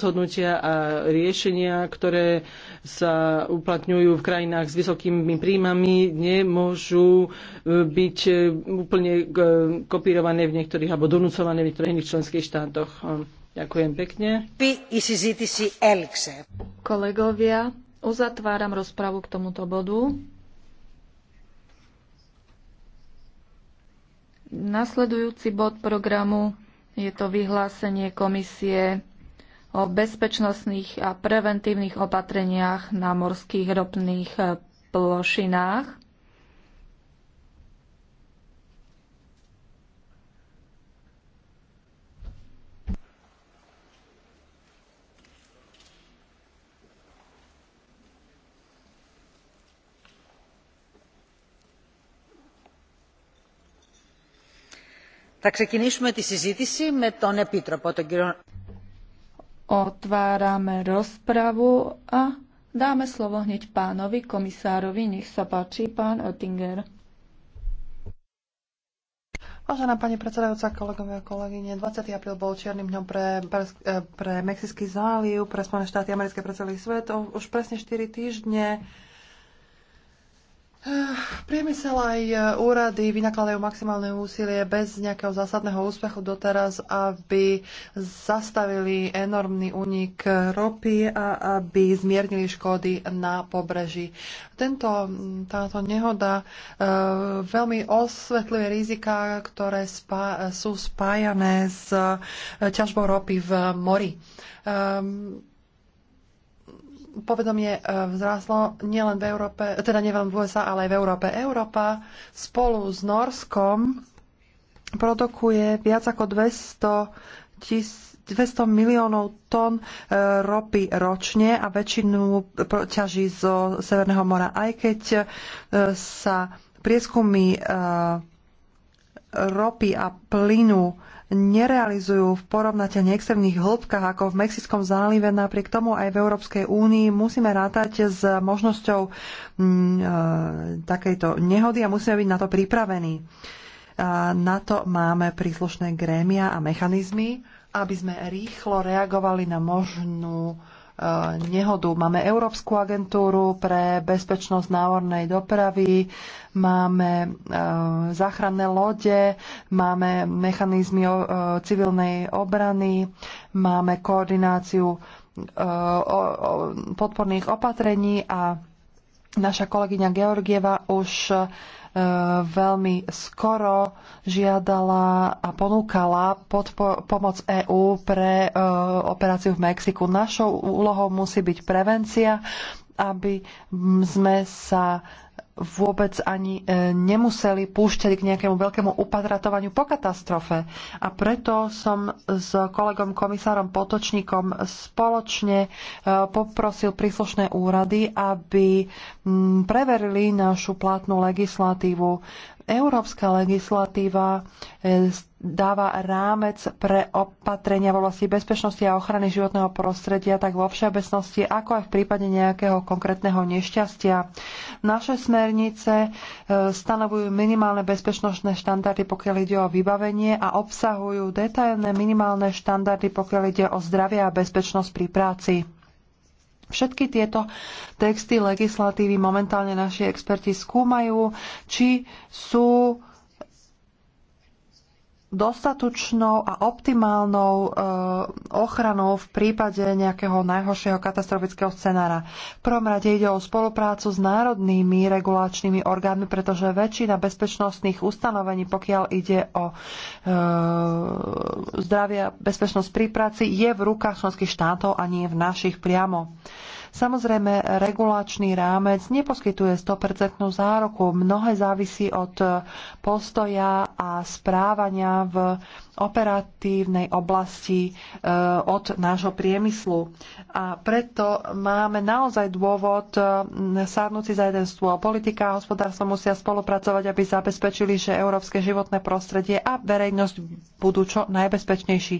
rozhodnutia a riešenia, ktoré sa uplatňujú v krajinách s vysokými príjmami, nemôžu e, byť e, úplne e, kopírované v niektorých alebo donúcované v niektorých iných členských štátoch. Ďakujem pekne. Kolegovia, uzatváram rozpravu k tomuto bodu. Nasledujúci bod programu je to vyhlásenie komisie o bezpečnostných a preventívnych opatreniach na morských ropných eh, plošinách. Θα ξεκινήσουμε τη συζήτηση με τον Επίτροπο, τον κύριο Otvárame rozpravu a dáme slovo hneď pánovi komisárovi. Nech sa páči, pán Oettinger. Vážená pani predsedajúca, kolegovia a kolegyne, 20. apríl bol čiernym dňom pre, pre, eh, pre Mexický záliv, pre Spojené štáty americké pre celý svet. Už presne 4 týždne Priemysel aj e, úrady vynakladajú maximálne úsilie bez nejakého zásadného úspechu doteraz, aby zastavili enormný únik ropy a aby zmiernili škody na pobreží. Tento, táto nehoda e, veľmi osvetľuje rizika, ktoré spá, sú spájané s e, ťažbou ropy v mori. E, povedomie e, vzráslo nielen v Európe, teda nielen v USA, ale aj v Európe. Európa spolu s Norskom produkuje viac ako 200 tisíc 200 miliónov tón e, ropy ročne a väčšinu ťaží zo Severného mora. Aj keď e, sa prieskumy ropy a plynu nerealizujú v porovnateľne extrémnych hĺbkach ako v Mexickom zálive. Napriek tomu aj v Európskej únii musíme rátať s možnosťou mm, e, takejto nehody a musíme byť na to pripravení. na to máme príslušné grémia a mechanizmy, aby sme rýchlo reagovali na možnú nehodu. Máme Európsku agentúru pre bezpečnosť návornej dopravy, máme eh, záchranné lode, máme mechanizmy eh, civilnej obrany, máme koordináciu eh, podporných opatrení a Naša kolegyňa Georgieva už e, veľmi skoro žiadala a ponúkala pomoc EÚ pre e, operáciu v Mexiku. Našou úlohou musí byť prevencia, aby sme sa vôbec ani e, nemuseli púšťať k nejakému veľkému upadratovaniu po katastrofe. A preto som s kolegom komisárom Potočníkom spoločne e, poprosil príslušné úrady, aby preverili našu platnú legislatívu. Európska legislatíva e, dáva rámec pre opatrenia v oblasti bezpečnosti a ochrany životného prostredia tak vo všeobecnosti, ako aj v prípade nejakého konkrétneho nešťastia. Naše smernice e, stanovujú minimálne bezpečnostné štandardy, pokiaľ ide o vybavenie a obsahujú detailné minimálne štandardy, pokiaľ ide o zdravie a bezpečnosť pri práci. Všetky tieto texty legislatívy momentálne naši experti skúmajú, či sú dostatočnou a optimálnou e, ochranou v prípade nejakého najhoršieho katastrofického scenára. V prvom rade ide o spoluprácu s národnými regulačnými orgánmi, pretože väčšina bezpečnostných ustanovení, pokiaľ ide o e, zdravie a bezpečnosť pri práci, je v rukách členských štátov a nie v našich priamo. E, Samozrejme, regulačný rámec neposkytuje 100% zároku. Mnohé závisí od postoja a správania v operatívnej oblasti e, od nášho priemyslu. A preto máme naozaj dôvod e, sárnuci za jeden stôl. Politika a hospodárstvo musia spolupracovať, aby zabezpečili, že európske životné prostredie a verejnosť budú čo najbezpečnejší.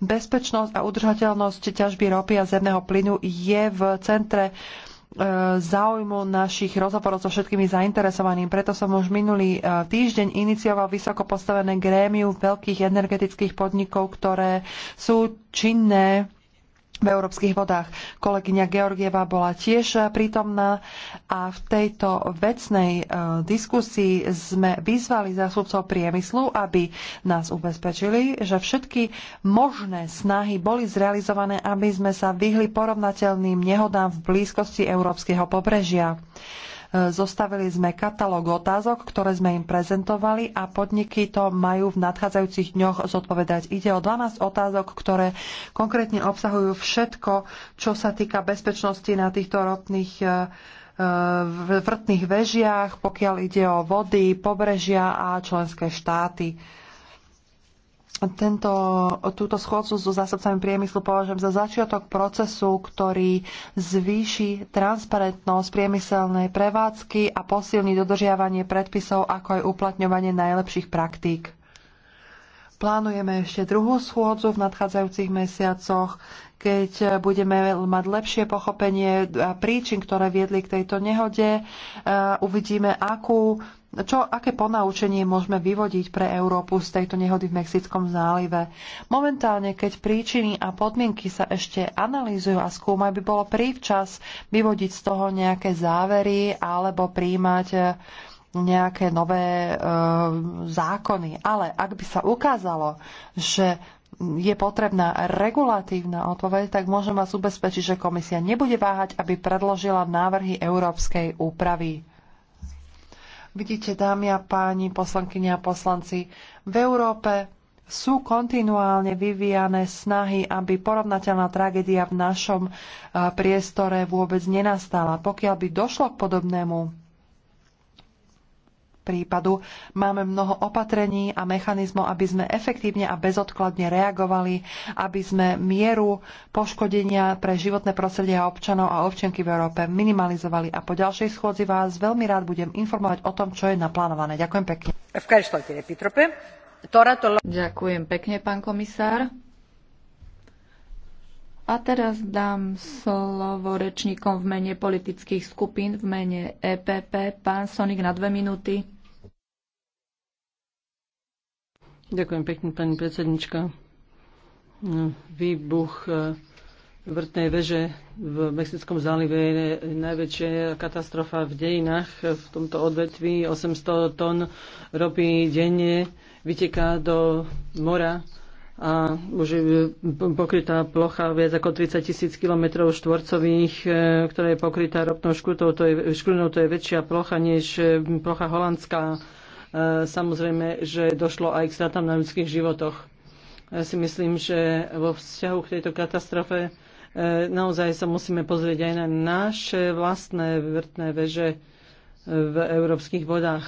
Bezpečnosť a udržateľnosť ťažby ropy a zemného plynu je v centre E, záujmu našich rozhovorov so všetkými zainteresovanými. Preto som už minulý e, týždeň inicioval vysoko postavené grémiu veľkých energetických podnikov, ktoré sú činné v európskych vodách. Kolegyňa Georgieva bola tiež eh, prítomná a v tejto vecnej eh, diskusii sme vyzvali zásudcov priemyslu, aby nás ubezpečili, že všetky možné snahy boli zrealizované, aby sme sa vyhli porovnateľným nehodám v blízkosti európskeho pobrežia. Zostavili sme katalóg otázok, ktoré sme im prezentovali a podniky to majú v nadchádzajúcich dňoch zodpovedať. Ide o 12 otázok, ktoré konkrétne obsahujú všetko, čo sa týka bezpečnosti na týchto ropných v e, e, vrtných vežiach, pokiaľ ide o vody, pobrežia a členské štáty tento, túto schôdcu so zástupcami priemyslu považujem za začiatok procesu, ktorý zvýši transparentnosť priemyselnej prevádzky a posilní dodržiavanie predpisov, ako aj uplatňovanie najlepších praktík. Plánujeme ešte druhú schôdzu v nadchádzajúcich mesiacoch, keď budeme mať lepšie pochopenie príčin, ktoré viedli k tejto nehode. E, uvidíme, akú čo, aké ponaučenie môžeme vyvodiť pre Európu z tejto nehody v Mexickom zálive? Momentálne, keď príčiny a podmienky sa ešte analýzujú a skúmajú, by bolo prívčas vyvodiť z toho nejaké závery alebo príjmať eh, nejaké nové e, zákony. Ale ak by sa ukázalo, že je potrebná regulatívna odpoveď, tak môžem vás ubezpečiť, že komisia nebude váhať, aby predložila návrhy európskej úpravy. Vidíte, dámy a páni, poslankyne a poslanci, v Európe sú kontinuálne vyvíjane snahy, aby porovnateľná tragédia v našom eh, priestore vôbec nenastala. Pokiaľ by došlo k podobnému prípadu. Máme mnoho opatrení a mechanizmov, aby sme efektívne a bezodkladne reagovali, aby sme mieru poškodenia pre životné prostredie a občanov a občianky v Európe minimalizovali. A po ďalšej schôdzi vás veľmi rád budem informovať o tom, čo je naplánované. Ďakujem pekne. Ďakujem pekne, pán komisár. A teraz dám slovo rečníkom v mene politických skupín, v mene EPP. Pán Sonik na dve minúty. Ďakujem pekne, pani predsednička. No, výbuch e, vrtnej veže v Mexickom zálive je najväčšia katastrofa v dejinách e, v tomto odvetví. 800 tón ropy denne vyteká do mora a už je pokrytá plocha viac ako 30 tisíc km štvorcových, e, ktorá je pokrytá ropnou škrutou. To je, škrutou, to je väčšia plocha než e, plocha holandská. E, samozrejme, že došlo aj k stratám na ľudských životoch. Ja si myslím, že vo vzťahu k tejto katastrofe naozaj sa musíme pozrieť aj na naše vlastné vrtné veže v európskych vodách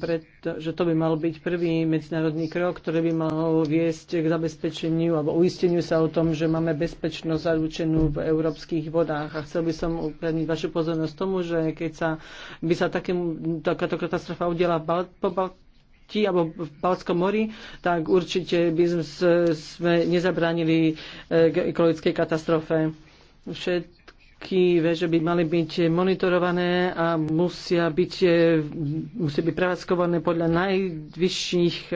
preto, že to by mal byť prvý medzinárodný krok, ktorý by mal viesť k zabezpečeniu alebo uisteniu sa o tom, že máme bezpečnosť zaručenú v európskych vodách. A chcel by som upriamiť vašu pozornosť tomu, že keď sa, by sa takému, takáto katastrofa udiela po Bal- Balti alebo v Balskom mori, tak určite by sme nezabránili eh, ekologickej katastrofe. Všet, výrobky, že by mali byť monitorované a musia byť, e, musia byť prevádzkované podľa najvyšších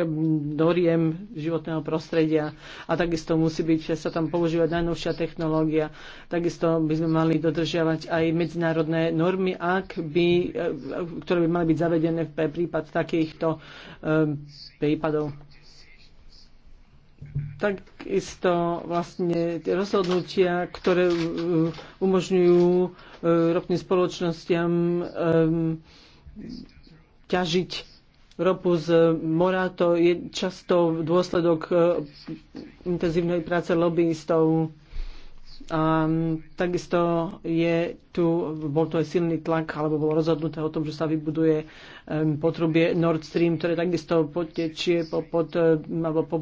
doriem životného prostredia a takisto musí byť sa tam používať najnovšia technológia. Takisto by sme mali dodržiavať aj medzinárodné normy, ak by, e, e, ktoré by mali byť zavedené v prípad takýchto prípadov takisto vlastne tie rozhodnutia, ktoré e, umožňujú e, ropným spoločnostiam ťažiť ropu z mora, to je často dôsledok e, intenzívnej práce lobbyistov. A takisto je tu, bol to aj silný tlak, alebo bolo rozhodnuté o tom, že sa vybuduje potrubie Nord Stream, ktoré takisto potečie po, pod, alebo po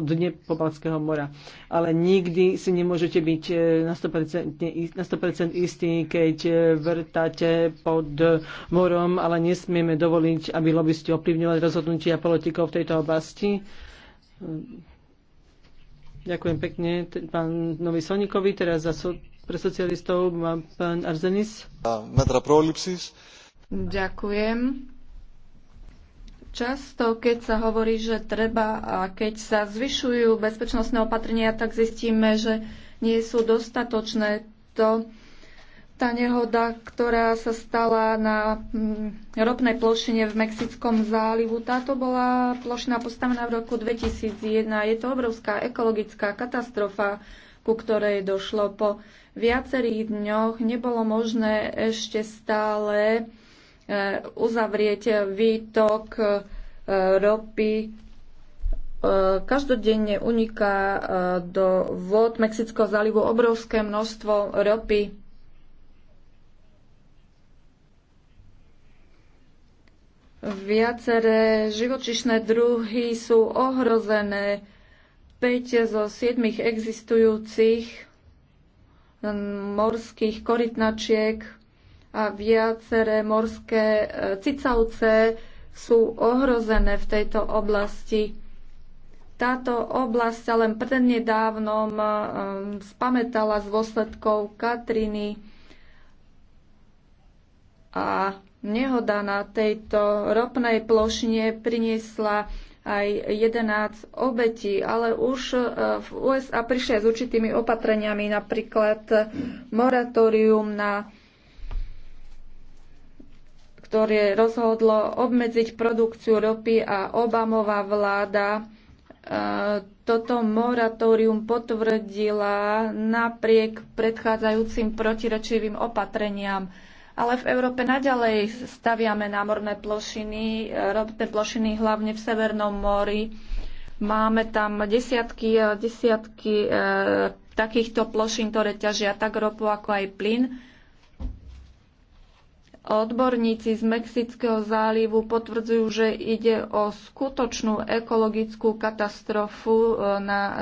dne Pobalského mora. Ale nikdy si nemôžete byť e, na 100%, na 100% istí, keď e, vrtáte pod morom, ale nesmieme dovoliť, aby lobbysti ovplyvňovali rozhodnutia politikov v tejto oblasti. Ďakujem pekne pán Novi Sonikovi. Teraz za so, pre socialistov pán Arzenis. Metra Ďakujem. Často, keď sa hovorí, že treba a keď sa zvyšujú bezpečnostné opatrenia, tak zistíme, že nie sú dostatočné. To, tá nehoda, ktorá sa stala na mm, ropnej plošine v Mexickom zálivu, táto bola plošina postavená v roku 2001. Je to obrovská ekologická katastrofa, ku ktorej došlo po viacerých dňoch. Nebolo možné ešte stále Eh, uzavrieť výtok eh, ropy eh, každodenne uniká do vôd Mexického zálivu obrovské množstvo ropy. Viaceré živočišné druhy sú ohrozené. 5 zo 7 existujúcich morských korytnačiek a viaceré morské e, cicavce sú ohrozené v tejto oblasti. Táto oblasť sa len prednedávnom e, e, spametala z dôsledkov Katriny a nehoda na tejto ropnej plošine priniesla aj 11 obetí, ale už v USA prišli s určitými opatreniami, napríklad moratórium na ktoré rozhodlo obmedziť produkciu ropy a Obamová vláda e, toto moratórium potvrdila napriek predchádzajúcim protirečivým opatreniam. Ale v Európe naďalej staviame námorné plošiny, e, ropné plošiny hlavne v Severnom mori. Máme tam desiatky desiatky e, takýchto plošín, ktoré ťažia tak ropu, ako aj plyn Odborníci z Mexického zálivu potvrdzujú, že ide o skutočnú ekologickú katastrofu e, na e,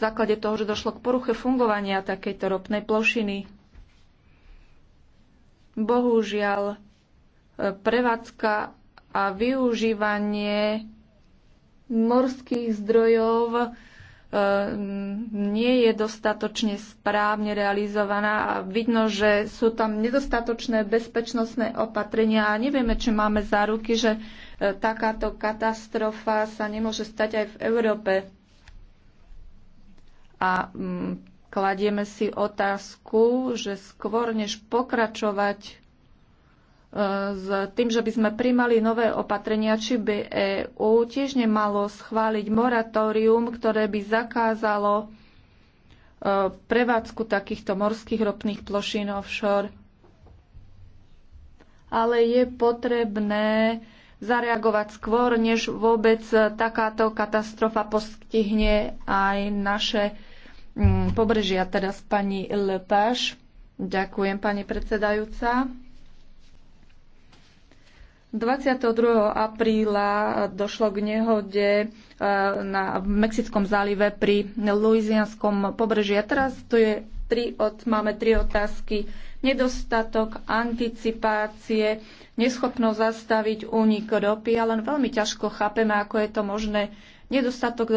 základe toho, že došlo k poruche fungovania takejto ropnej plošiny. Bohužiaľ, e, prevádzka a využívanie morských zdrojov Ehm, nie je dostatočne správne realizovaná a vidno, že sú tam nedostatočné bezpečnostné opatrenia a nevieme, či máme záruky, že e, takáto katastrofa sa nemôže stať aj v Európe. A mm, kladieme si otázku, že skôr než pokračovať s tým, že by sme primali nové opatrenia, či by EÚ tiež nemalo schváliť moratórium, ktoré by zakázalo e, prevádzku takýchto morských ropných plošín offshore. Ale je potrebné zareagovať skôr, než vôbec takáto katastrofa postihne aj naše mm, pobrežia, Teraz pani Lepáš. Ďakujem, pani predsedajúca. 22. apríla došlo k nehode eh, na Mexickom zálive pri Luizianskom pobreží. A teraz tu je tri od, máme tri otázky. Nedostatok, anticipácie, neschopnosť zastaviť únik ropy. ale len veľmi ťažko chápeme, ako je to možné. Nedostatok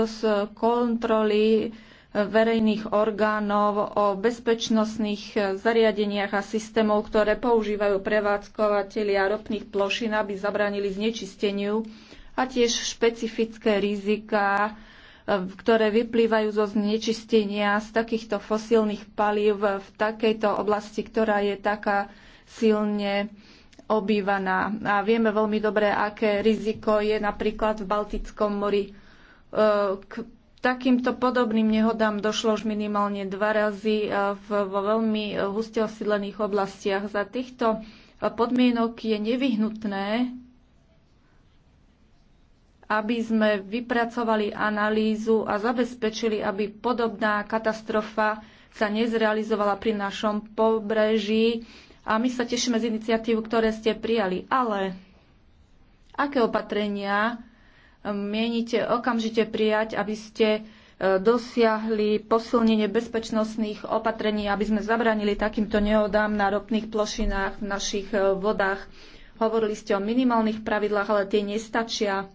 kontroly, verejných orgánov o bezpečnostných zariadeniach a systémov, ktoré používajú prevádzkovateľia ropných plošín, aby zabránili znečisteniu a tiež špecifické rizika, ktoré vyplývajú zo znečistenia z takýchto fosílnych palív v takejto oblasti, ktorá je taká silne obývaná. A vieme veľmi dobre, aké riziko je napríklad v Baltickom mori. E, k takýmto podobným nehodám došlo už minimálne dva razy e, vo veľmi e, huste osídlených oblastiach. Za týchto e, podmienok je nevyhnutné, aby sme vypracovali analýzu a zabezpečili, aby podobná katastrofa sa nezrealizovala pri našom pobreží. A my sa tešíme z iniciatívu, ktoré ste prijali. Ale aké opatrenia mienite okamžite prijať, aby ste e, dosiahli posilnenie bezpečnostných opatrení, aby sme zabranili takýmto neodám na ropných plošinách v našich e, vodách. Hovorili ste o minimálnych pravidlách, ale tie nestačia.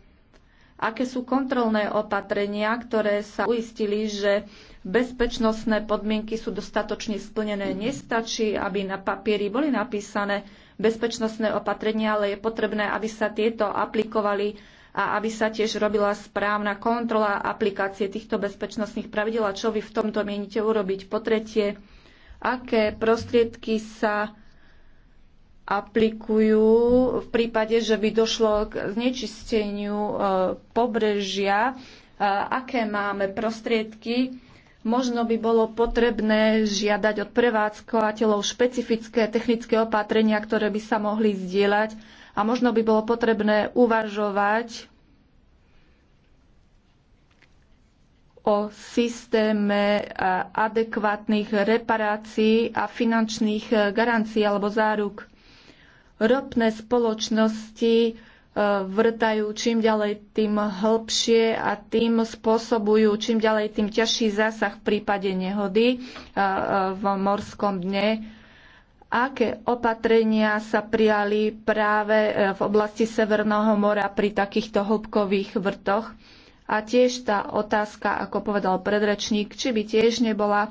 Aké sú kontrolné opatrenia, ktoré sa uistili, že bezpečnostné podmienky sú dostatočne splnené? Nestačí, aby na papieri boli napísané bezpečnostné opatrenia, ale je potrebné, aby sa tieto aplikovali a aby sa tiež robila správna kontrola aplikácie týchto bezpečnostných pravidel a čo vy v tomto mienite urobiť. Po tretie, aké prostriedky sa aplikujú v prípade, že by došlo k znečisteniu e, pobrežia, e, aké máme prostriedky. Možno by bolo potrebné žiadať od prevádzkovateľov špecifické technické opatrenia, ktoré by sa mohli zdieľať a možno by bolo potrebné uvažovať o systéme e, adekvátnych reparácií a finančných e, garancií alebo záruk. Ropné spoločnosti e, vrtajú čím ďalej tým hlbšie a tým spôsobujú čím ďalej tým ťažší zásah v prípade nehody v morskom dne aké opatrenia sa prijali práve e, v oblasti Severného mora pri takýchto hĺbkových vrtoch. A tiež tá otázka, ako povedal predrečník, či by tiež nebola e,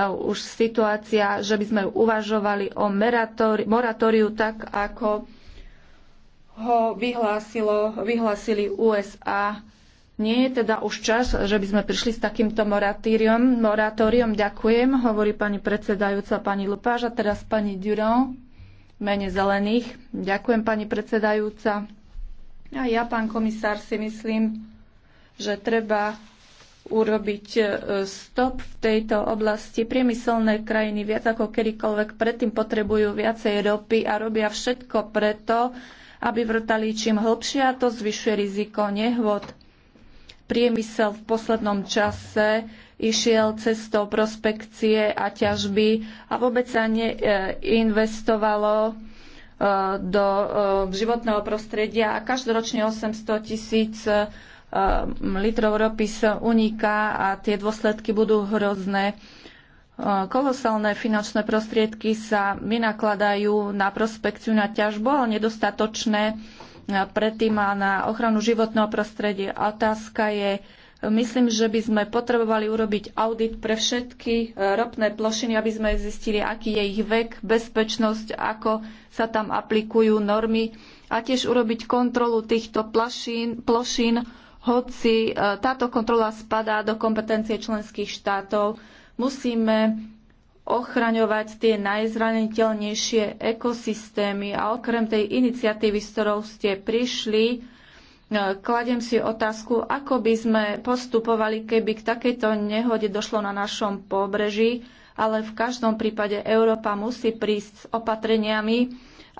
už situácia, že by sme uvažovali o moratóriu tak, ako ho vyhlásilo, vyhlásili USA nie je teda už čas, že by sme prišli s takýmto moratóriom. Moratóriom ďakujem, hovorí pani predsedajúca pani Lupáž a teraz pani Durand mene zelených. Ďakujem pani predsedajúca. A ja, pán komisár, si myslím, že treba urobiť e, stop v tejto oblasti. Priemyselné krajiny viac ako kedykoľvek predtým potrebujú viacej ropy a robia všetko preto, aby vrtali čím hlbšie a to zvyšuje riziko nehôd priemysel v poslednom čase išiel cestou prospekcie a ťažby a vôbec sa neinvestovalo e, do e, životného prostredia a každoročne 800 tisíc e, litrov ropy sa uniká a tie dôsledky budú hrozné. Kolosálne finančné prostriedky sa vynakladajú na prospekciu, na ťažbu, ale nedostatočné predtým a na ochranu životného prostredia. Otázka je, myslím, že by sme potrebovali urobiť audit pre všetky e, ropné plošiny, aby sme zistili, aký je ich vek, bezpečnosť, ako sa tam aplikujú normy a tiež urobiť kontrolu týchto plašín, plošín, hoci e, táto kontrola spadá do kompetencie členských štátov. Musíme ochraňovať tie najzraniteľnejšie ekosystémy. A okrem tej iniciatívy, s ktorou ste prišli, e, kladem si otázku, ako by sme postupovali, keby k takejto nehode došlo na našom pobreží, ale v každom prípade Európa musí prísť s opatreniami,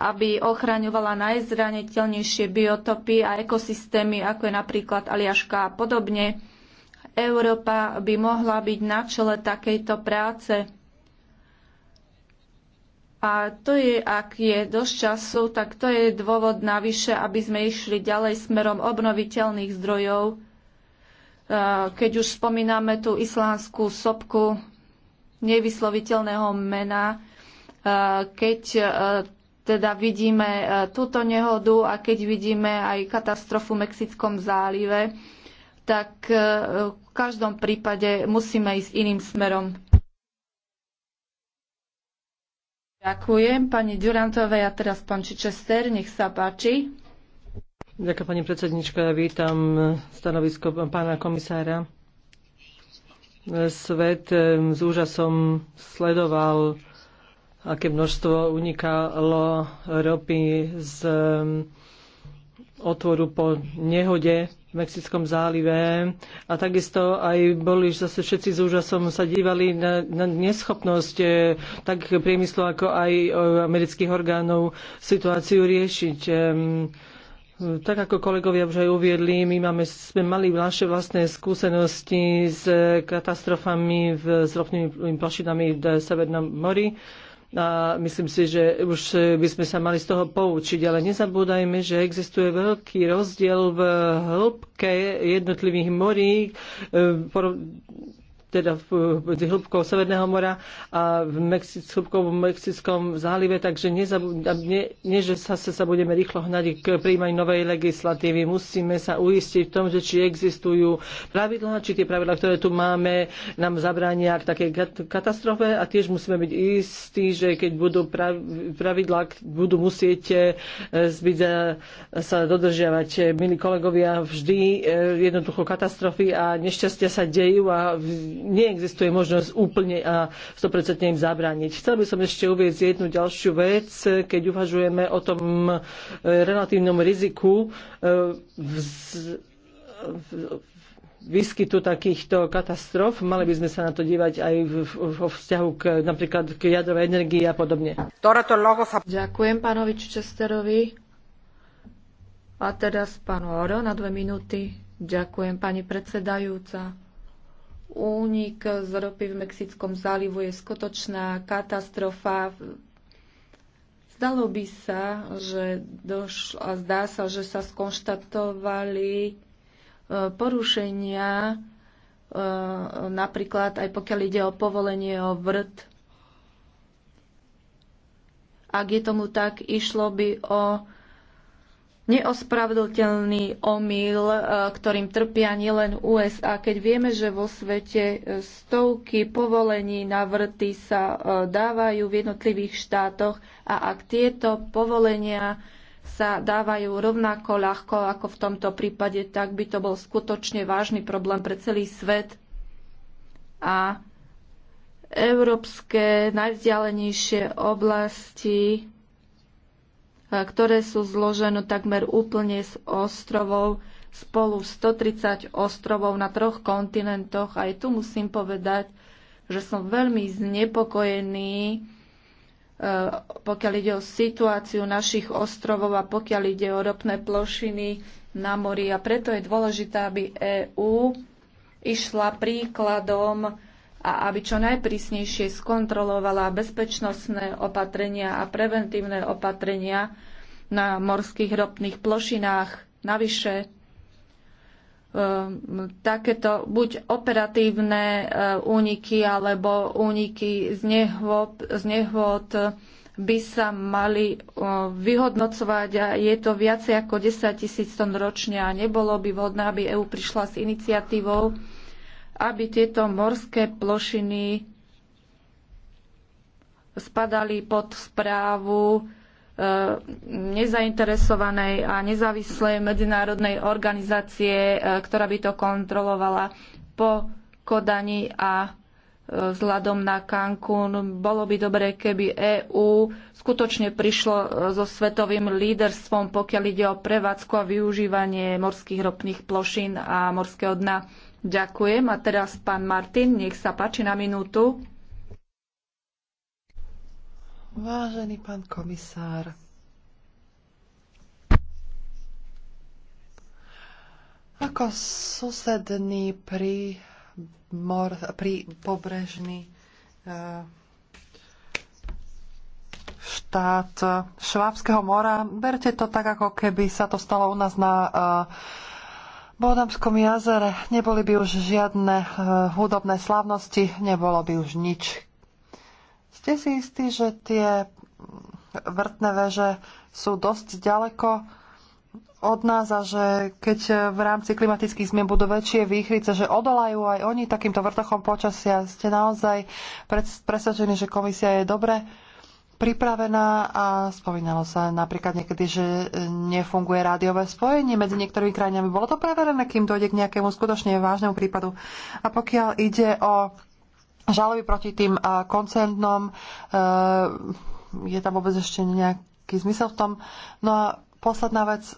aby ochraňovala najzraniteľnejšie biotopy a ekosystémy, ako je napríklad Aliaška a podobne. Európa by mohla byť na čele takejto práce. A to je, ak je dosť času, tak to je dôvod navyše, aby sme išli ďalej smerom obnoviteľných zdrojov. Keď už spomíname tú islánsku sopku nevysloviteľného mena, keď teda vidíme túto nehodu a keď vidíme aj katastrofu v Mexickom zálive, tak v každom prípade musíme ísť iným smerom. Ďakujem pani Durantovej a teraz pán Čičester, nech sa páči. Ďakujem pani predsednička, vítam stanovisko pána komisára. Svet s úžasom sledoval, aké množstvo unikalo ropy z otvoru po nehode v Mexickom zálive a takisto aj boli zase všetci s úžasom sa dívali na, na neschopnosť e, tak priemyslu ako aj e, amerických orgánov situáciu riešiť. E, tak ako kolegovia už aj uviedli, my máme, sme mali naše vlastné skúsenosti s katastrofami, v, s ropnými plošinami v Severnom mori a myslím si, že už e, by sme sa mali z toho poučiť, ale nezabúdajme, že existuje veľký rozdiel v hĺbke jednotlivých morí e, teda v hĺbkou Severného mora a v Mexic, hĺbkou v Mexickom zálive, takže nezabud, nie, nie, že sa, sa budeme rýchlo hnať k príjmaň novej legislatívy. Musíme sa uistiť v tom, že či existujú pravidlá, či tie pravidlá, ktoré tu máme, nám zabránia k takej katastrofe a tiež musíme byť istí, že keď budú pravidlá, budú musieť e, byť, e, sa dodržiavať. Milí kolegovia, vždy e, jednoducho katastrofy a nešťastia sa dejú a neexistuje možnosť úplne a 100% im zabrániť. Chcel by som ešte uvieť jednu ďalšiu vec, keď uvažujeme o tom e, relatívnom riziku e, vz, výskytu takýchto katastrof. Mali by sme sa na to dívať aj vo vzťahu k, napríklad k jadrovej energii a podobne. Ďakujem pánovi Česterovi. A teraz pán Oro na dve minúty. Ďakujem pani predsedajúca. Únik z ropy v Mexickom zálivu je skutočná katastrofa. Zdalo by sa, že došlo a zdá sa, že sa skonštatovali e, porušenia, e, napríklad aj pokiaľ ide o povolenie o vrt. Ak je tomu tak, išlo by o neospravedlteľný omyl, e, ktorým trpia nielen USA, keď vieme, že vo svete e, stovky povolení na vrty sa e, dávajú v jednotlivých štátoch a ak tieto povolenia sa dávajú rovnako ľahko ako v tomto prípade, tak by to bol skutočne vážny problém pre celý svet. A európske najvzdialenejšie oblasti E, ktoré sú zložené takmer úplne z ostrovov, spolu 130 ostrovov na troch kontinentoch. Aj tu musím povedať, že som veľmi znepokojený, e, pokiaľ ide o situáciu našich ostrovov a pokiaľ ide o ropné plošiny na mori. A preto je dôležité, aby EÚ išla príkladom a aby čo najprísnejšie skontrolovala bezpečnostné opatrenia a preventívne opatrenia na morských ropných plošinách. Navyše, e, takéto buď operatívne e, úniky alebo úniky z, nehôd, z nehôd by sa mali e, vyhodnocovať a je to viacej ako 10 tisíc tón ročne a nebolo by vhodné, aby EÚ prišla s iniciatívou, aby tieto morské plošiny spadali pod správu e, nezainteresovanej a nezávislej medzinárodnej organizácie, e, ktorá by to kontrolovala po Kodani a e, vzhľadom na Cancún. Bolo by dobre, keby EÚ skutočne prišlo so svetovým líderstvom, pokiaľ ide o prevádzku a využívanie morských ropných plošín a morského dna. Ďakujem. A teraz pán Martin, nech sa páči na minútu. Vážený pán komisár, ako susedný pri, mor, pri pobrežný eh, štát Švábskeho mora, berte to tak, ako keby sa to stalo u nás na uh, Bodamskom jazere neboli by už žiadne eh, hudobné slávnosti, nebolo by už nič. Ste si istí, že tie vrtné veže sú dosť ďaleko od nás a že keď v rámci klimatických zmien budú väčšie výchrice, že odolajú aj oni takýmto vrtochom počasia, ste naozaj presvedčení, že komisia je dobre pripravená a spomínalo sa napríklad niekedy, že nefunguje rádiové spojenie medzi niektorými krajinami. Bolo to preverené, kým dojde k nejakému skutočne vážnemu prípadu. A pokiaľ ide o žaloby proti tým koncernom, e, je tam vôbec ešte nejaký zmysel v tom. No a posledná vec, e,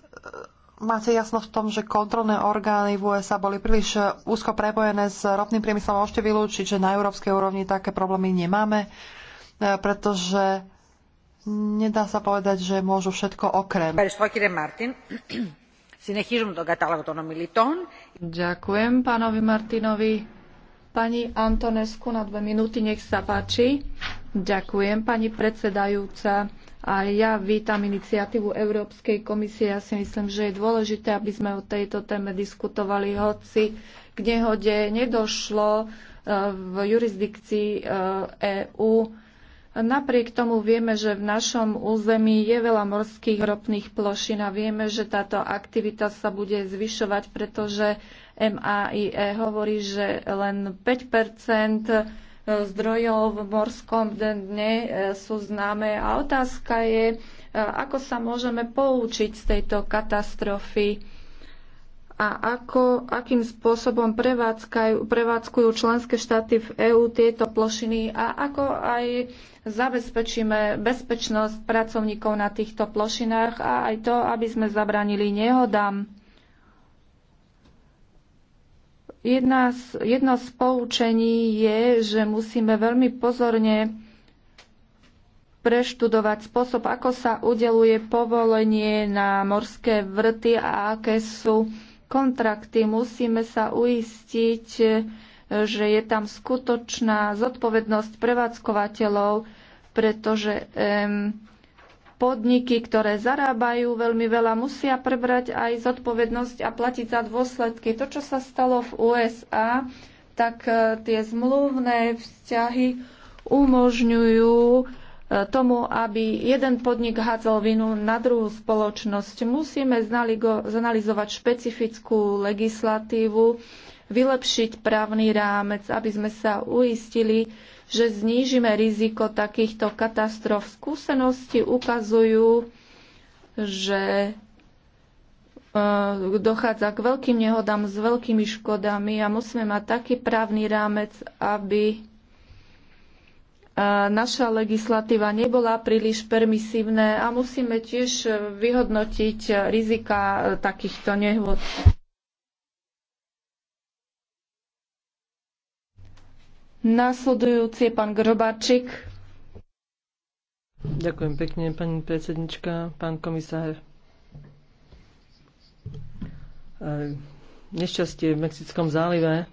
máte jasno v tom, že kontrolné orgány v USA boli príliš úzko prepojené s ropným priemyslom. Môžete vylúčiť, že na európskej úrovni také problémy nemáme. E, pretože nedá sa povedať, že môžu všetko okrem. Ďakujem pánovi Martinovi. Pani Antonesku na dve minúty, nech sa páči. Ďakujem, pani predsedajúca. A ja vítam iniciatívu Európskej komisie. Ja si myslím, že je dôležité, aby sme o tejto téme diskutovali, hoci k nehode nedošlo e, v jurisdikcii EÚ e Napriek tomu vieme, že v našom území je veľa morských ropných plošín a vieme, že táto aktivita sa bude zvyšovať, pretože MAIE hovorí, že len 5 zdrojov v morskom dne e, sú známe a otázka je, e, ako sa môžeme poučiť z tejto katastrofy a ako, akým spôsobom prevádzkujú členské štáty v EÚ tieto plošiny a ako aj zabezpečíme bezpečnosť pracovníkov na týchto plošinách a aj to, aby sme zabranili nehodám. Jedna z, jedno z poučení je, že musíme veľmi pozorne preštudovať spôsob, ako sa udeluje povolenie na morské vrty a aké sú kontrakty. Musíme sa uistiť, že je tam skutočná zodpovednosť prevádzkovateľov, pretože um, podniky, ktoré zarábajú veľmi veľa, musia prebrať aj zodpovednosť a platiť za dôsledky. To, čo sa stalo v USA, tak e, tie zmluvné vzťahy umožňujú e, tomu, aby jeden podnik hádzal vinu na druhú spoločnosť. Musíme zanalizovať špecifickú legislatívu, vylepšiť právny rámec, aby sme sa uistili, že znížime riziko takýchto katastrof. Skúsenosti ukazujú, že e, dochádza k veľkým nehodám s veľkými škodami a musíme mať taký právny rámec, aby e, naša legislatíva nebola príliš permisívna a musíme tiež vyhodnotiť rizika takýchto nehôd. Nasledujúci je pán Grobačik. Ďakujem pekne, pani predsednička, pán komisár. E, nešťastie v Mexickom zálive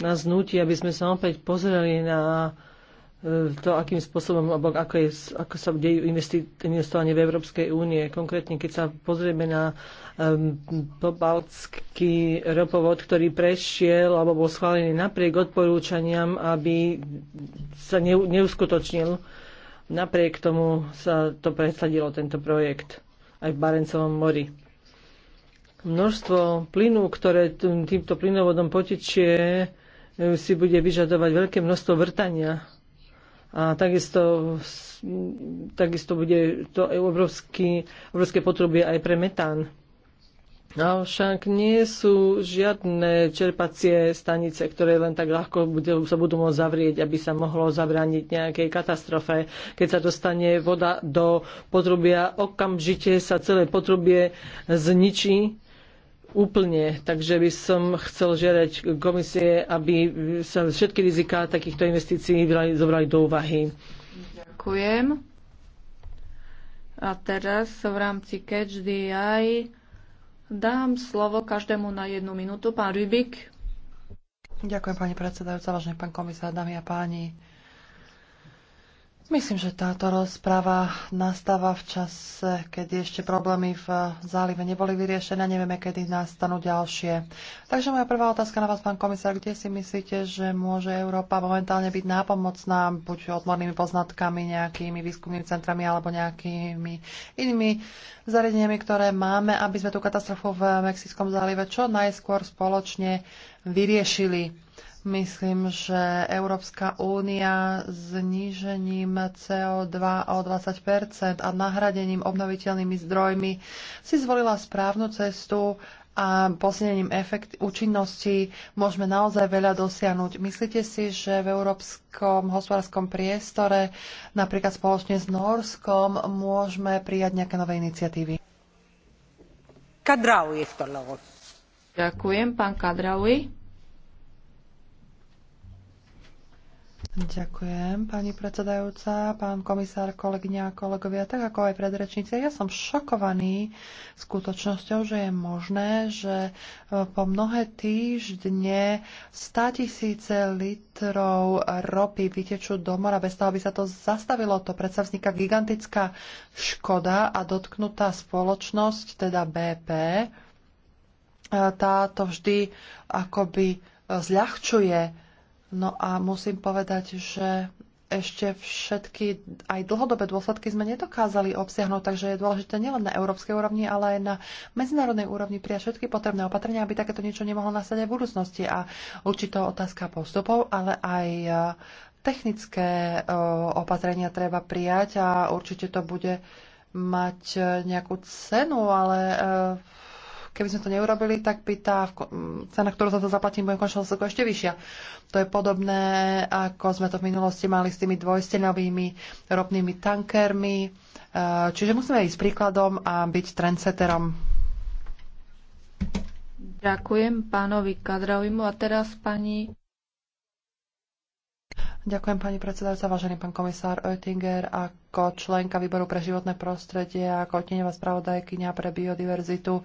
nás nutí, aby sme sa opäť pozreli na E, to, akým spôsobom, alebo ako, je, ako sa dejú investovanie v Európskej únie. Konkrétne, keď sa pozrieme na um, pobaltský ropovod, ktorý prešiel alebo bol schválený napriek odporúčaniam, aby sa ne, neuskutočnil, napriek tomu sa to presadilo, tento projekt, aj v Barencovom mori. Množstvo plynu, ktoré týmto plynovodom potečie, e, si bude vyžadovať veľké množstvo vrtania a takisto, takisto bude to obrovský, obrovské potrubie aj pre metán. Avšak nie sú žiadne čerpacie stanice, ktoré len tak ľahko bude, sa budú môcť zavrieť, aby sa mohlo zabrániť nejakej katastrofe. Keď sa dostane voda do potrubia, okamžite sa celé potrubie zničí úplne. Takže by som chcel žiadať komisie, aby sa všetky riziká takýchto investícií zobrali do úvahy. Ďakujem. A teraz v rámci Catch the Eye dám slovo každému na jednu minútu. Pán Rybik. Ďakujem, pani predsedajúca, vážený pán komisár, dámy a páni. Myslím, že táto rozpráva nastáva v čase, keď ešte problémy v zálive neboli vyriešené, nevieme, kedy nastanú ďalšie. Takže moja prvá otázka na vás, pán komisár, kde si myslíte, že môže Európa momentálne byť nápomocná, buď odbornými poznatkami, nejakými výskumnými centrami alebo nejakými inými zariadeniami, ktoré máme, aby sme tú katastrofu v Mexickom zálive čo najskôr spoločne vyriešili? Myslím, že Európska únia znížením CO2 o 20 a nahradením obnoviteľnými zdrojmi si zvolila správnu cestu a posilnením efekt účinnosti môžeme naozaj veľa dosiahnuť. Myslíte si, že v európskom hospodárskom priestore, napríklad spoločne s Norskom, môžeme prijať nejaké nové iniciatívy? je v Ďakujem, pán Kadraui. Ďakujem, pani predsedajúca, pán komisár, kolegyňa a kolegovia, tak ako aj predrečníci. Ja som šokovaný skutočnosťou, že je možné, že e, po mnohé týždne 100 tisíce litrov ropy vytečú do mora bez toho, aby sa to zastavilo. To predsa vzniká gigantická škoda a dotknutá spoločnosť, teda BP, e, táto vždy akoby e, zľahčuje No a musím povedať, že ešte všetky aj dlhodobé dôsledky sme nedokázali obsiahnuť, takže je dôležité nielen na európskej úrovni, ale aj na medzinárodnej úrovni prijať všetky potrebné opatrenia, aby takéto niečo nemohlo nastať aj v budúcnosti. A určitá otázka postupov, ale aj e, technické e, opatrenia treba prijať a určite to bude mať e, nejakú cenu, ale Keby sme to neurobili, tak by tá cena, ktorú za to zaplatím, bude končná ešte vyššia. To je podobné, ako sme to v minulosti mali s tými dvojstenovými ropnými tankermi. E, čiže musíme ísť príkladom a byť trendseterom. Ďakujem pánovi Kadravimu a teraz pani Ďakujem pani predsedajúca, vážený pán komisár Oettinger. Ako členka výboru pre životné prostredie a ako tieňová spravodajkynia pre biodiverzitu e,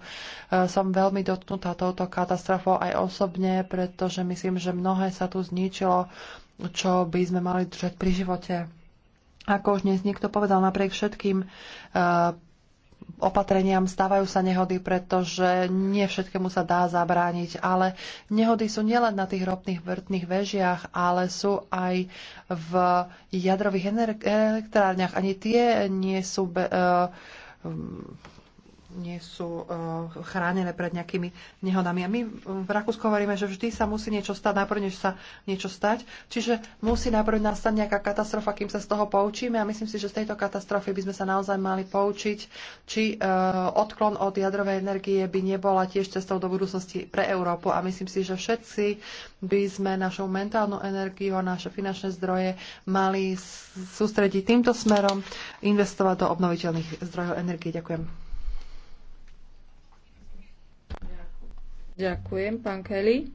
som veľmi dotknutá touto katastrofou aj osobne, pretože myslím, že mnohé sa tu zničilo, čo by sme mali držať pri živote. Ako už dnes niekto povedal, napriek všetkým e, opatreniam stávajú sa nehody, pretože nie všetkému sa dá zabrániť, ale nehody sú nielen na tých ropných vrtných vežiach, ale sú aj v jadrových elektrárniach. Ani tie nie sú... Be, uh, nie sú eh, chránené pred nejakými nehodami. A my v Rakúsku hovoríme, že vždy sa musí niečo stať, najprv než sa niečo stať. Čiže musí najprv nastať nejaká katastrofa, kým sa z toho poučíme. A myslím si, že z tejto katastrofy by sme sa naozaj mali poučiť, či eh, odklon od jadrovej energie by nebola tiež cestou do budúcnosti pre Európu. A myslím si, že všetci by sme našou mentálnu energiu a naše finančné zdroje mali sústrediť týmto smerom, investovať do obnoviteľných zdrojov energie. Ďakujem. Ďakujem, pán Kelly.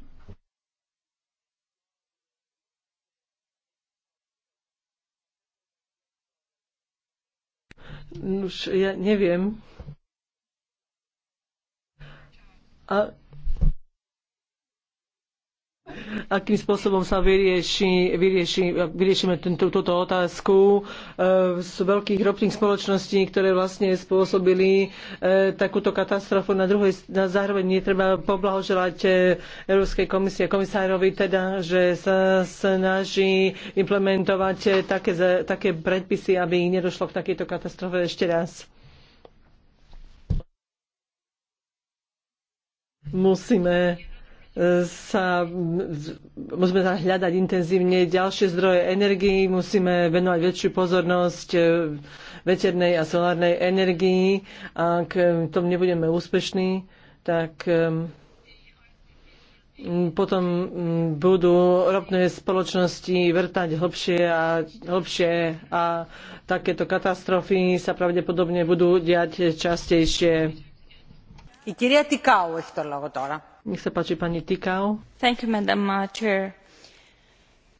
Už ja neviem. A akým spôsobom sa vyrieši, vyrieši, vyriešime tento, túto otázku e, z veľkých ropných spoločností, ktoré vlastne spôsobili e, takúto katastrofu. Na druhej na zároveň netreba poblahoželať e, Európskej komisie komisárovi, teda, že sa snaží implementovať také, také predpisy, aby nedošlo k takejto katastrofe ešte raz. Musíme sa, musíme hľadať intenzívne ďalšie zdroje energii, musíme venovať väčšiu pozornosť e, veternej a solárnej energii. Ak e, tom nebudeme úspešní, tak e, potom budú ropné spoločnosti vrtať hlbšie a hlbšie a takéto katastrofy sa pravdepodobne budú diať častejšie. I kiriati kao έχει το λόγο nech sa páči pani Tikau. Thank you, madam uh, chair.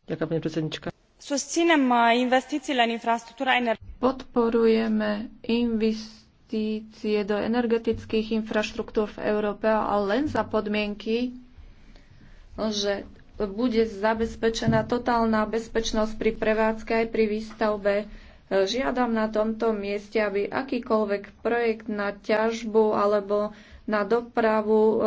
Ďakujem, pani predsednička. Susținem uh, investițiile în infrastructura energetică. Podporujeme investície do energetických infraštruktúr v Európe, ale len za podmienky, že bude zabezpečená totálna bezpečnosť pri prevádzke aj pri výstavbe. Žiadam na tomto mieste, aby akýkoľvek projekt na ťažbu alebo na dopravu e,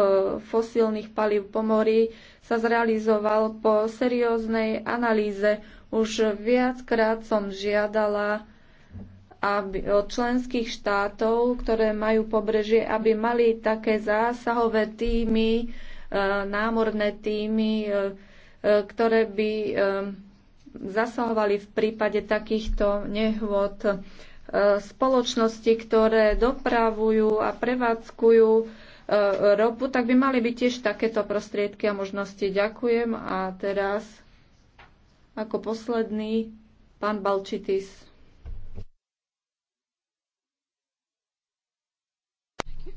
fosílnych palív po mori sa zrealizoval po serióznej analýze. Už viackrát som žiadala aby, od členských štátov, ktoré majú pobrežie, aby mali také zásahové týmy, e, námorné týmy, e, ktoré by zasahovali v prípade takýchto nehôd spoločnosti, ktoré dopravujú a prevádzkujú e, ropu, tak by mali byť tiež takéto prostriedky a možnosti. Ďakujem. A teraz ako posledný pán Balčitis.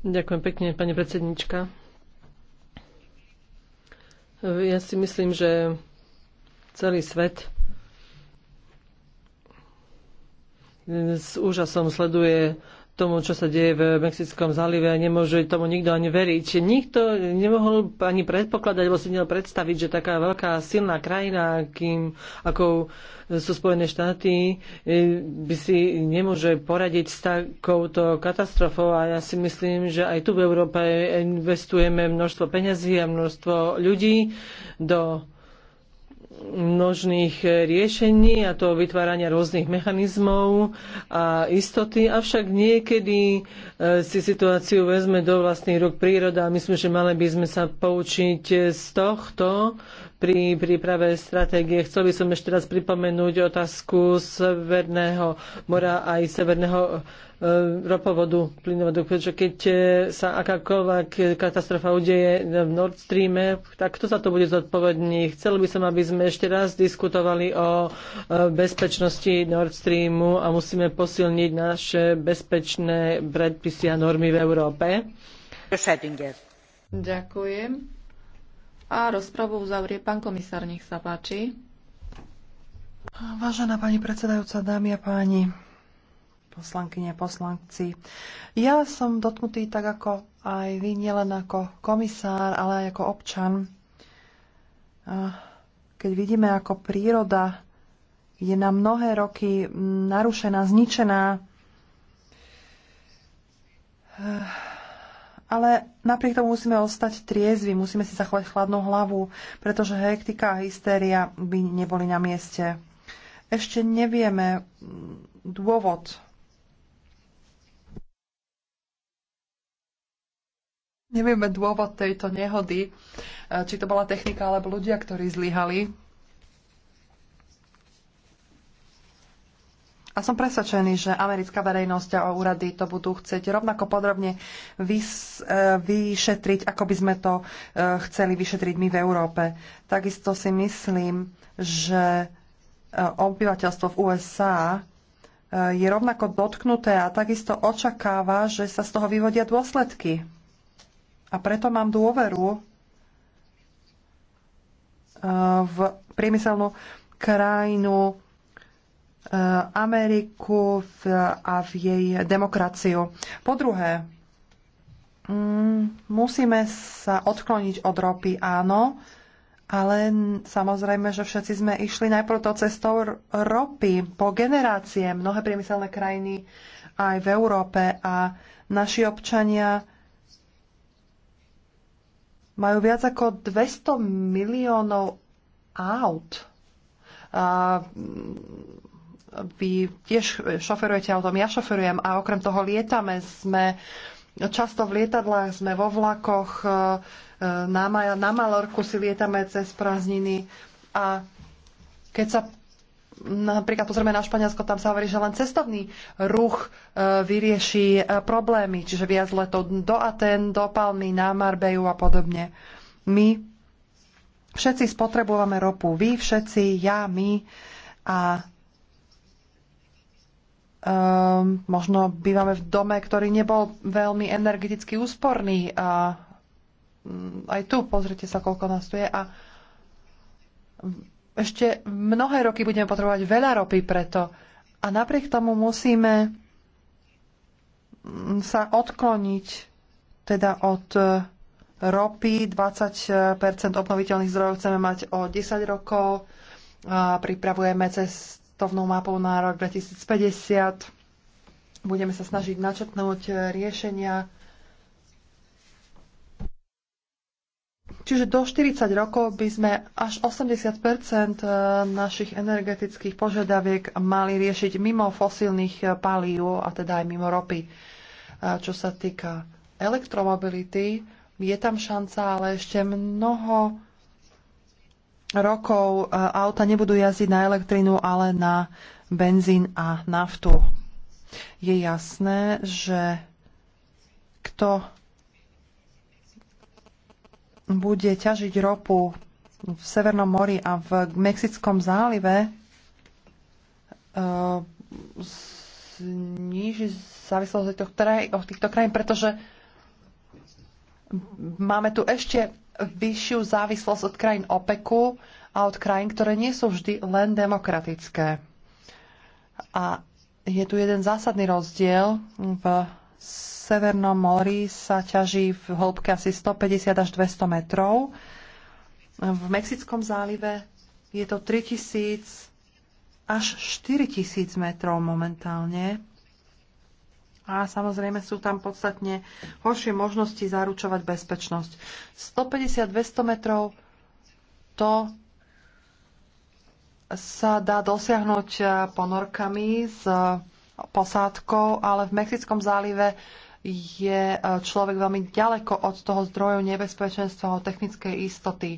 Ďakujem pekne, pani predsednička. Ja si myslím, že celý svet s úžasom sleduje tomu, čo sa deje v Mexickom zálive a nemôže tomu nikto ani veriť. Nikto nemohol ani predpokladať, alebo si nemohol predstaviť, že taká veľká silná krajina, kým, ako sú Spojené štáty, e, by si nemôže poradiť s takouto katastrofou a ja si myslím, že aj tu v Európe investujeme množstvo peňazí a množstvo ľudí do množných e, riešení a to vytvárania rôznych mechanizmov a istoty, avšak niekedy e, si situáciu vezme do vlastných rúk príroda a myslím, že mali by sme sa poučiť z tohto, pri príprave stratégie. Chcel by som ešte raz pripomenúť otázku Severného mora aj Severného e, ropovodu, plynovodu, pretože keď e, sa akákoľvek katastrofa udeje v Nord Streame, tak kto za to bude zodpovedný? Chcel by som, aby sme ešte raz diskutovali o e, bezpečnosti Nord Streamu a musíme posilniť naše bezpečné predpisy a normy v Európe. Ďakujem. A rozpravu uzavrie pán komisár, nech sa páči. Vážená pani predsedajúca, dámy a páni, poslankyne, poslanci. Ja som dotknutý tak ako aj vy, nielen ako komisár, ale aj ako občan. Keď vidíme, ako príroda je na mnohé roky narušená, zničená, eh, ale napriek tomu musíme ostať triezvi, musíme si zachovať chladnú hlavu, pretože hektika a hystéria by neboli na mieste. Ešte nevieme dôvod. Nevieme dôvod tejto nehody, či to bola technika alebo ľudia, ktorí zlyhali. A som presvedčený, že americká verejnosť a úrady to budú chcieť rovnako podrobne vys, e, vyšetriť, ako by sme to e, chceli vyšetriť my v Európe. Takisto si myslím, že e, obyvateľstvo v USA je rovnako dotknuté a takisto očakáva, že sa z toho vyvodia dôsledky. A preto mám dôveru v priemyselnú krajinu Eh, Ameriku a v jej demokraciu. Po druhé, mm, musíme sa odkloniť od ropy, áno, ale samozrejme, že všetci sme išli najprv to cestou ropy po generácie. Mnohé priemyselné krajiny aj v Európe a naši občania majú viac ako 200 miliónov aut. A vy tiež e, šoferujete autom, ja šoferujem a okrem toho lietame, sme často v lietadlách, sme vo vlakoch, e, e, na, Maja, na Malorku si lietame cez prázdniny a keď sa napríklad pozrieme na Španielsko, tam sa hovorí, že len cestovný ruch vyrieši problémy, čiže viac letov do Aten, do Palmy, na Marbeju a podobne. My všetci spotrebujeme ropu, vy všetci, ja, my a Um, možno bývame v dome, ktorý nebol veľmi energeticky úsporný a um, aj tu pozrite sa, koľko nás tu je a ešte mnohé roky budeme potrebovať veľa ropy preto a napriek tomu musíme mm, sa odkloniť teda od e, ropy, 20% obnoviteľných zdrojov chceme mať o 10 rokov, a pripravujeme cez cestovnou mapou na rok 2050. Budeme sa snažiť načrtnúť e, riešenia. Čiže do 40 rokov by sme až 80 e, našich energetických požiadaviek mali riešiť mimo fosílnych e, palív, a teda aj mimo ropy. Čo sa týka elektromobility, je tam šanca, ale ešte mnoho rokov e, auta nebudú jazdiť na elektrínu, ale na benzín a naftu. Je jasné, že kto bude ťažiť ropu v Severnom mori a v Mexickom zálive, e, zniží závislosť od týchto krajín, pretože máme tu ešte vyššiu závislosť od krajín OPEKu a od krajín, ktoré nie sú vždy len demokratické. A je tu jeden zásadný rozdiel. V Severnom mori sa ťaží v hĺbke asi 150 až 200 metrov. V Mexickom zálive je to 3000 až 4000 metrov momentálne a samozrejme sú tam podstatne horšie možnosti zaručovať bezpečnosť. 150-200 metrov to sa dá dosiahnuť e, ponorkami s e, posádkou, ale v Mexickom zálive je e, človek veľmi ďaleko od toho zdroju nebezpečenstva o technickej istoty.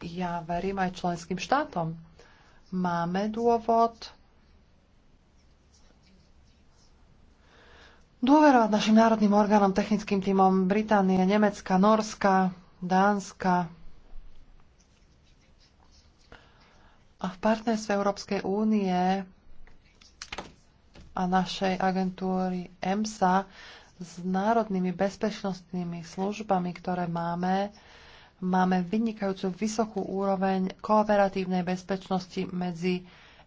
Ja verím aj členským štátom. Máme dôvod dôverovať našim národným orgánom, technickým týmom Británie, Nemecka, Norska, Dánska a v partnerstve Európskej únie a našej agentúry EMSA s národnými bezpečnostnými službami, ktoré máme, máme vynikajúcu vysokú úroveň kooperatívnej bezpečnosti medzi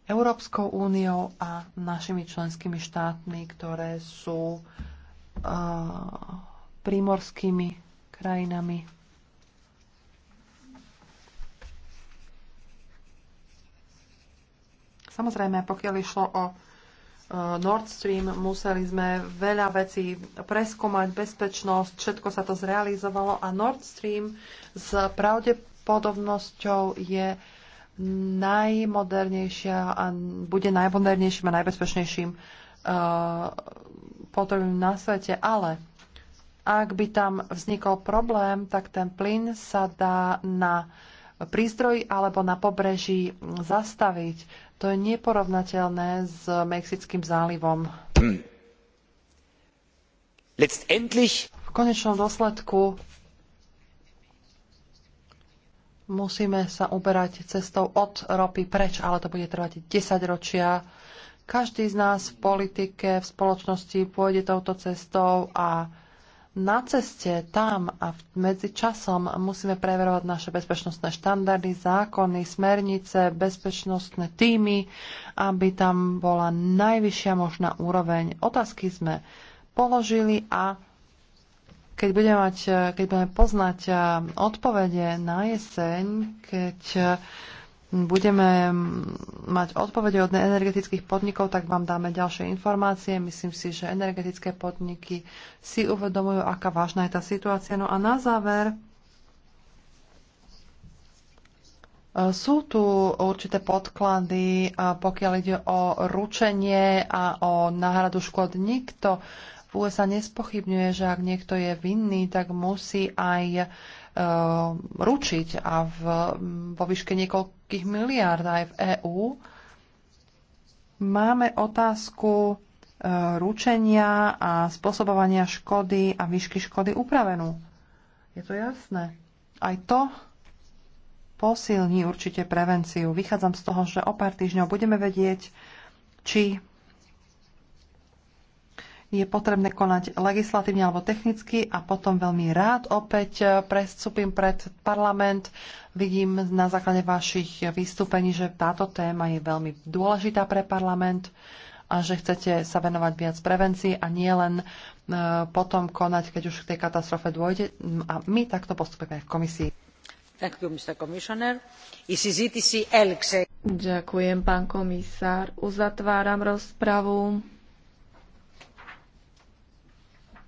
Európskou úniou a našimi členskými štátmi, ktoré sú uh, prímorskými krajinami. Samozrejme, pokiaľ išlo o uh, Nord Stream, museli sme veľa vecí preskúmať, bezpečnosť, všetko sa to zrealizovalo a Nord Stream s pravdepodobnosťou je uh, najmodernejšia a bude najmodernejším a najbezpečnejším uh, potrebným na svete, ale ak by tam vznikol problém, tak ten plyn sa dá na prístroj alebo na pobreží zastaviť. To je neporovnateľné s Mexickým zálivom. Hm. V konečnom dôsledku musíme sa uberať cestou od ropy preč, ale to bude trvať 10 ročia. Každý z nás v politike, v spoločnosti pôjde touto cestou a na ceste tam a medzi časom musíme preverovať naše bezpečnostné štandardy, zákony, smernice, bezpečnostné týmy, aby tam bola najvyššia možná úroveň. Otázky sme položili a keď budeme, mať, e, keď budeme poznať e, odpovede na jeseň, keď e, budeme mať odpovede od energetických podnikov, tak vám dáme ďalšie informácie. Myslím si, že energetické podniky si uvedomujú, aká vážna je tá situácia. No a na záver sú tu určité podklady, pokiaľ ide o ručenie a o náhradu škôd. Nikto USA nespochybňuje, že ak niekto je vinný, tak musí aj e, ručiť a v, vo výške niekoľkých miliárd aj v EÚ. Máme otázku e, ručenia a spôsobovania škody a výšky škody upravenú. Je to jasné. Aj to posilní určite prevenciu. Vychádzam z toho, že o pár týždňov budeme vedieť, či je potrebné konať legislatívne alebo technicky a potom veľmi rád opäť e, prestúpim pred parlament. Vidím na základe vašich vystúpení, že táto téma je veľmi dôležitá pre parlament a že chcete sa venovať viac prevencii a nie len e, potom konať, keď už k tej katastrofe dôjde. Mm, a my takto postupujeme aj v komisii. Ďakujem, pán komisár. Uzatváram rozpravu.